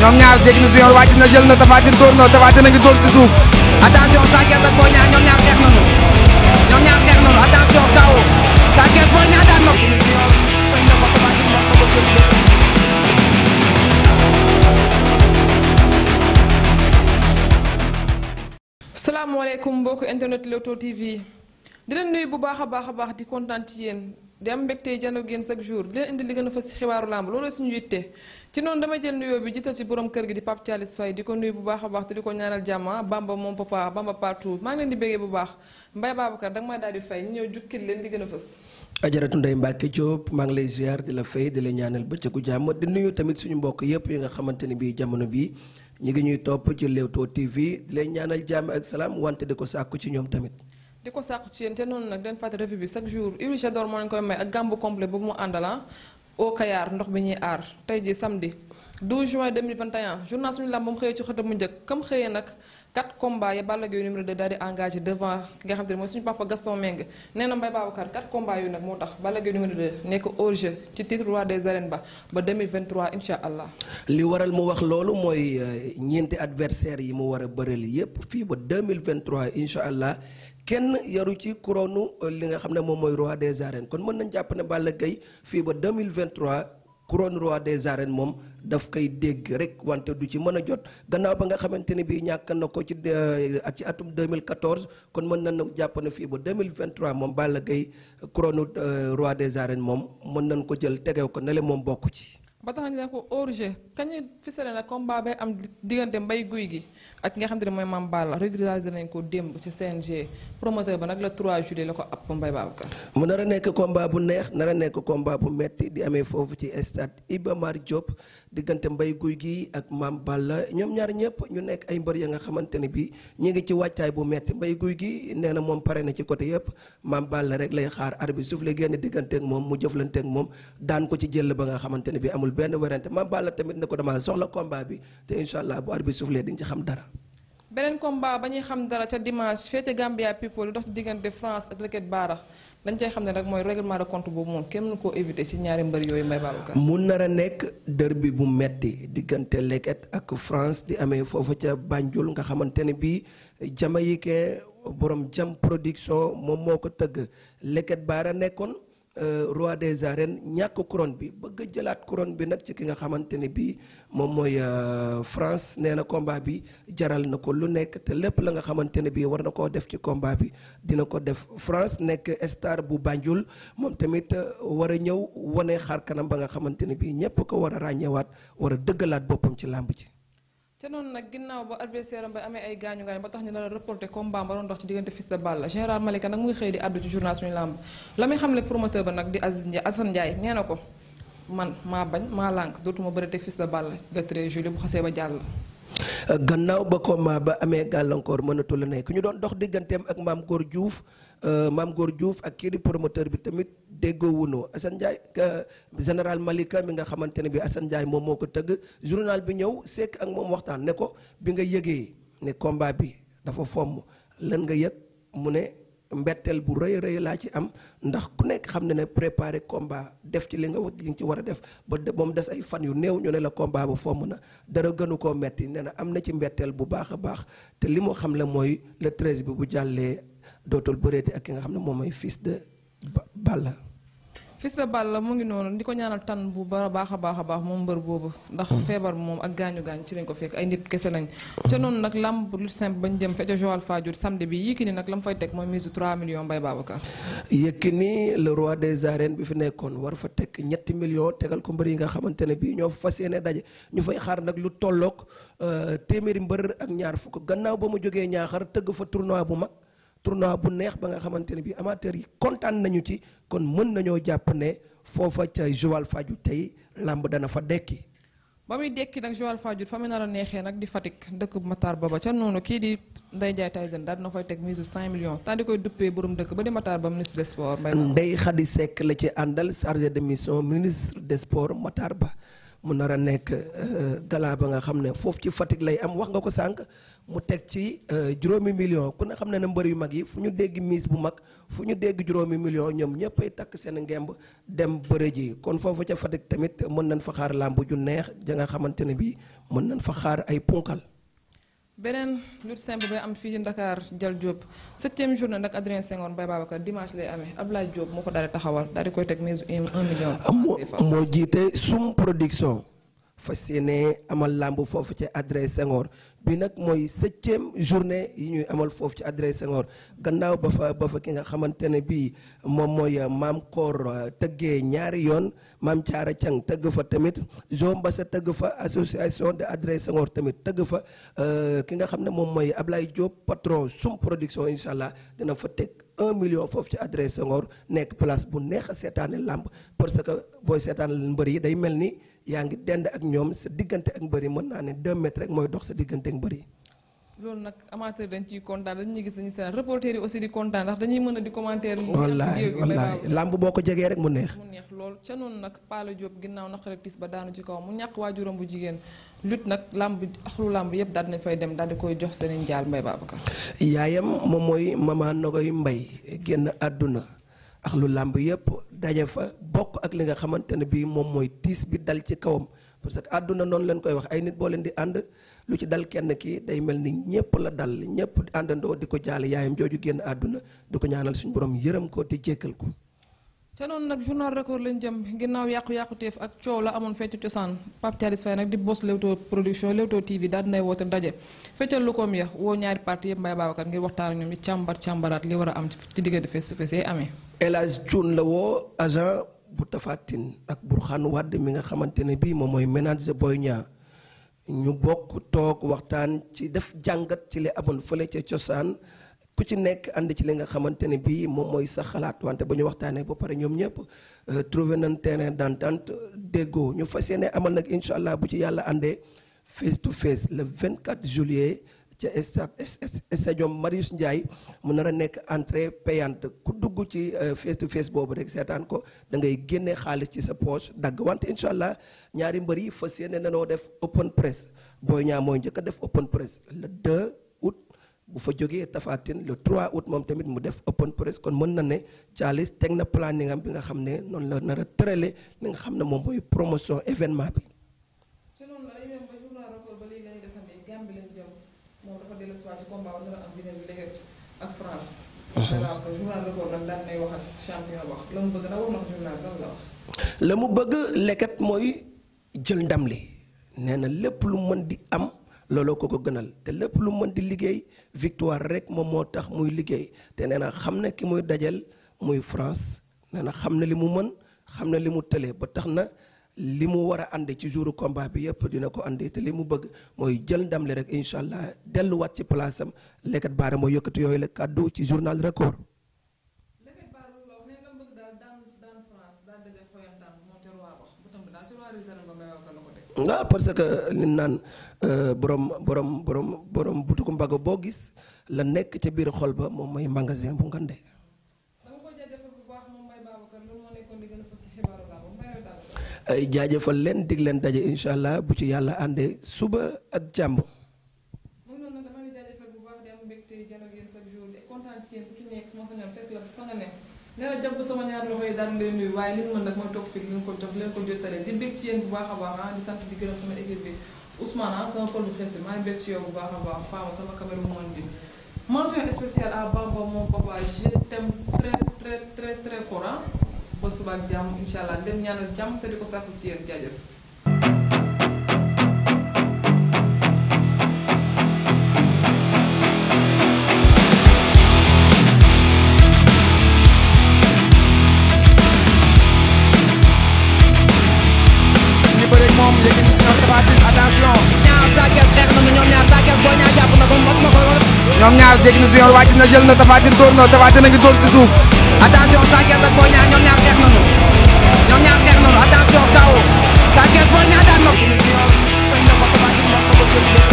ñoom ñaar jéggi na su na jël na Tapha Tine na Tapha Tine a ngi dóor ci suuf attention Sa Thiès ak Boy Niang internet Leewtoo TV di leen nuyu bu baax a baax a baax di kontaan ci yéen di am mbégte jano géen chaque jour di leen indi li gën a fas ci xibaaru làmb loolu suñu yitte ci noonu damay jël nuyoo bi jiital ci borom kër gi di Pape Thialis Faye di ko nuyu bu baax a baax te di ko ñaanal jàmma Bamba moom papa Bamba partout maa ngi leen di béggee bu baax Mbaye Babacar danga maa daal di fay ñu ñëw leen di gën a fës ajaratu Ndeye Mbacke Diop maa ngi lay ziar la fay di la ñaanal bëccëgu jàmm di nuyu tamit suñu mbokk yëpp yi nga xamante ni bii jamono bii ñu ngi ñuy topp ci Leewtoo TV di leen ñaanal jàmm ak salaam wante di ko sàkku ci ñoom tamit di ko sàkku ci yéen te noonu nag den fàtte revue bi chaque jour Ibou Jador moo leen koy may ak gàmbu àndala ah. au Kayar ndox bi ñuy aar tey ji samedi 12 juin 2021 journal suñu làmb moom xëyee ci xëtam mu njëkk comme xëyee nag 4 combats ya Balla Gaye numéro de daal di engagé devant ki nga xam te ne mooy suñu papa Gaston Meng nee na Mbaye Babacar 4 combats yooyu nag moo tax Balla Gaye numéro 2 nekk hors ci titre roi des arènes ba ba 2023 incha allah. li waral mu wax loolu mooy euh, ñeenti adversaires yi mu war a bëreel yépp fii ba 2023 incha allah kenn yaru ci couronne euh, li nga xam ne moom mooy roi des arènes kon mën nañ jàpp ne Balla Gaye fii ba mille 2023 couronne roi des arènes moom daf koy dégg rek wante du ci mën a jot gannaaw ba nga xamante ne bii ñàkk na ko ci euh, ci atum deux mille 2014 kon mën nañ jàpp ne fii ba mille 2023 moom Balla Gaye couronne euh, roi des arènes moom mën nañ ko jël tegew ko ne le moom bokk ci ba tax ne ko orge oh, kañu fisale na combat bay am diggante mbay guy gi ak nga xam ne mooy Mame Balla régularisé nañ ko démb ci CNG promoteur ba nag le 3 juillet la ko app mbay Babacar mu nar a nekk combat bu neex nar a nekk combat bu metti di amee foofu ci stade Iba maar Diop diggante mbay guy gi ak maam Mame la ñoom ñaar ñëpp ñu nekk ay mbër ya nga xamante ne bi ñu ngi ci wàccaay bu metti mbay guy gi nee na moom pare na ci côté yëpp baal la rek lay xaar arbitre suuf la génn diggante ak moom mu jëflante ak moom daan ko ci jël ba nga xamante ne bi amul benn werante Mame Balla tamit ne ko dama soxla combat bi te incha allah bu arbitre bi soufflé di nga ci xam dara. beneen combat ba ñuy xam dara ca dimanche féete Gambia people lu dox ci diggante France ak Leket Baara dañ cay xam ne nag mooy règlement de compte boobu moom kenn mënu koo éviter ci ñaari mbër yooyu Mbaye Babacar. mu nar a nekk bi bu metti diggante Leket ak France di amee foofu ca Banjul nga xamante ne bii jamaïcain boroom jam production moom moo ko tëgg Leket Baara nekkoon. Euh, roi des arènes ñàkk couronne bi bëgg jëlaat couronne bi nag ci ki nga xamante ne bii moom mooy euh, France nee na combat bi jaral na ko lu nekk te lépp la nga xamante ne bii war na koo def ci combat bi dina ko def France nekk star bu Banjul moom tamit euh, war a ñëw wane xaar kanam ba nga xamante ne bii ñëpp ko war a ràññeewaat war a dëggalaat boppam ci làmb ci te noonu nag ginnaaw ba adversaire am ba amee ay gaañu gaañu ba tax ñu na a reporté combat ba doon dox ci diggante Fils de Balla général Malika nag mu ngi xëy di àddu ci journal suñu làmb la muy xamle promoteur ba nag di Aziz Ndiaye Assane Ndiaye nee na ko man maa bañ maa lànk dootuma bëri teg Fils de Balla le 13 juillet bu xasee ba jàll. gannaaw ba combat ba amee gàllankoor mënatu la nekk ñu doon dox digganteem ak maam Góor Diouf euh, maam Góor Diouf ak kii di promoteur bi tamit déggoo wuñu Assane Ndiaye euh, général Malika bi nga xamante ne bi Assane Ndiaye moom moo ko tëgg journal bi ñëw sekk ak moom waxtaan ne ko bi nga yëgee ne combat bi dafa fomm lan nga yëg mu ne. mbetteel bu rëy rëy laa ci am ndax ku nekk xam ne ne préparé combat def ci li nga li nga ci war a def ba moom des ay fan yu néew ñu ne la combat ba fomm na dara gënu koo metti nee na am na ci mbetteel bu baax a baax te li mu xam la mooy le treize bi bu jàllee dootul bëreeti ak ki nga xam ne moom mooy fils de Balla Fils de la mu ngi noonu ni ko ñaanal tan bu ba baax a baax a baax moom mbër boobu ndax hmm. feebar moom ak gaañu gaañu ci lañ ko fekk ay nit kese lañ ca noonu nag lamb lu simple bañ jëm feca Joal Fadiouth samedi bi Yékini nag la mu fay teg mooy mise 3 millions Mbaye nii Yékini le roi des arènes bi fi nekkoon war fa teg ñetti millions tegal ko mbër yi nga xamante ne bii ñoo fa yéene daje ñu fay xaar nag lu tolloog euh, téeméeri mbër ak ñaar fukk gannaaw ba mu jógee ñaaxar tëgg fa tournoi bu mag tournoi bu neex ba nga xamante ne bi amateurs yi kontaan nañu ci kon mën nañoo jàpp ne foofa ca Joal Fadiouth tey làmb dana fa dekki ba muy dekki nag Joal Fadiouth fa mu nar a neexee nag di Fatick dëkk bu Ba ba ca noonu kii di Ndeye Ndiaye Tyson daal dina fay teg mise 5 millions tant di koy duppee borom dëkk ba di Matar Ba ministre des sports Ndeye Khady Seck la ci àndal chargé de mission ministre des sports mataar Ba mu nar a nekk euh, galaa ba nga xam ne foofu ci Fatick lay am wax nga ko sànq mu teg ci euh, juróomi million ku ne xam ne ne mbër yu mag yi fu ñu dégg mise bu mag fu ñu dégg juróomi million ñoom ñëpp ay takk seen ngemb dem bëre ji kon foofu ca Fatick tamit mën nañ fa xaar làmb ju neex ja nga xamante ne bii mën nañ fa xaar ay punkal beneen lutte simple bi am fii ci ndakaar Jal Diop septième journée nag Adrien Senghor Mbaye Babacar dimanche lay amee Abdoulaye Diop moo ko daal di taxawal daal di koy teg mise un million. moo moo jiite sum production. fa yéene amal làmb foofu ci adresse Senghor bi nag mooy septième journée yi ñuy amal foofu ci adresse Senghor gannaaw ba fa ba fa ki nga xamante ne bii moom mooy maam koor euh, tëggee ñaari yoon maam Thiara Thiang tëgg fa tamit Jo Mbassa tëgg fa association de adresse Senghor tamit tëgg fa euh, ki nga xam ne moom mooy Ablaye Diop patron sum production incha allah dina fa teg. un million foofu ci adresse Senghor nekk place bu neex a seetaane làmb parce que booy seetaan mbër yi day mel ni yaa ngi dend ak ñoom sa diggante ak mbër yi mën naa ne deux mètres rek mooy dox sa diggante ak mbër yi loolu nag amateur dañ ci kontaan dañu ñu gis dañuy seen reporter yi aussi di kontaan ndax dañuy mën di commentaire. wallaay wallaay làmb boo ko jegee rek mu neex. mu neex lool ca noonu nag Paala Diop ginnaaw naqare tiis ba daanu ci kaw mu ñàkk waajuram bu jigéen lutte nag làmb axlu làmb yëpp daal nañ fay dem daal di koy jox seen njaal Mbaye Babacar. yaayam moom mooy mama Nogoy Mbaye génn àdduna axlu làmb yëpp daje fa bokk ak li nga xamante ne bii moom mooy tiis bi dal ci kawam. parce que àdduna noonu leen koy wax ay nit boo leen di ànd lu ci dal kenn kii day mel ni ñëpp la dal ñëpp àndandoo di ko jaal yaayam jooju génn àdduna di ko ñaanal suñu borom yërëm ko te jékkal ko. te noonu nag journal record lañ jëm ginnaaw yàqu-yàqu teef ak coow la amoon feccu cosaan Pape Thialis Faye nag di boss Leewtoo production Leewtoo TV daal dinay woote ndaje feccal lu koom ya woo ñaari parti yëpp Mbaye Babacar ngir waxtaan ak ñoom ñu càmbar càmbaraat li war a am ci diggante face to face yi amee. El Hadj la woo agent. bu tafaatin ak burxaan wàdd mi nga xamante ne bii moom mooy ménager Boy Niang ñu bokk toog waxtaan ci def jàngat ci li amoon fële ca cosaan ku ci nekk ànd ci li nga xamante ne bii moom mooy sa xalaat wante ba ñu waxtaanee ba pare ñoom ñëpp euh, trouvé nañ terrain d'entente déggoo ñu fa yéene amal nag incha allah bu ci yàlla àndee face to face le 24 juillet. ca stadium Marius Ndiaye mu nar a nekk entrée payante ku dugg ci euh, face to face boobu rek seetaan ko da ngay génne xaalis ci sa poche dagg wante incha allah ñaari mbër yi fas yéene nanoo def open press booy Niang mooy njëkk a def open press le 2 out bu fa jógee Tafatine le trois août moom tamit mu def open press kon mën na ne Thialis teg na planning am bi nga xam ne noonu la nar a tërale li nga xam ne moom mooy promotion événement bi. la mu bëgg nag leket mooy jël ndam li nee na lépp lu mën di am. looloo ko ko gënal te lépp lu mën di liggéey victoire rek moom moo tax muy liggéey te nee na xam na ki muy dajal muy France nee na xam na li mu mën xam na li mu tële ba tax na li mu war a ànd ci jour combat bi yëpp dina ko àndi te li mu bëgg mooy jël ndam li rek incha allah delluwaat ci place am Leket Baara mooy yëkkati yooyu la kàddu ci journal record. waaw ah, parce que li naan euh, borom borom borom borom butuku mbagg boo gis la nekk ca biir xol ba moom mooy magasin bu ngande jaajëfal leen dig leen daje incha allah bu ci yàlla àndee suba ak jàmm. mu ngi noonu dama ne jaajëfal bu baax di am mbégte ci yéen na jàpp sama bu baax a baax ah sama équipe bi Ousmane ah, bi maa ngi bég ci baax a baax Fama sama caméra mu mën très très très fort ba suba ak jàmm incha allah dem ñaanal jàmm te di ko sàkku ci yéen jaajëf. ñoom ñaar jéggi na junior wàcc na jël na Tapha Tine na Tapha ngi dóor ci suuf attention Sa Thiès ak ñoom ñaar xeex nañu ñoom ñaar xeex nañu attention kaw Sa Thiès Boy Niang daan na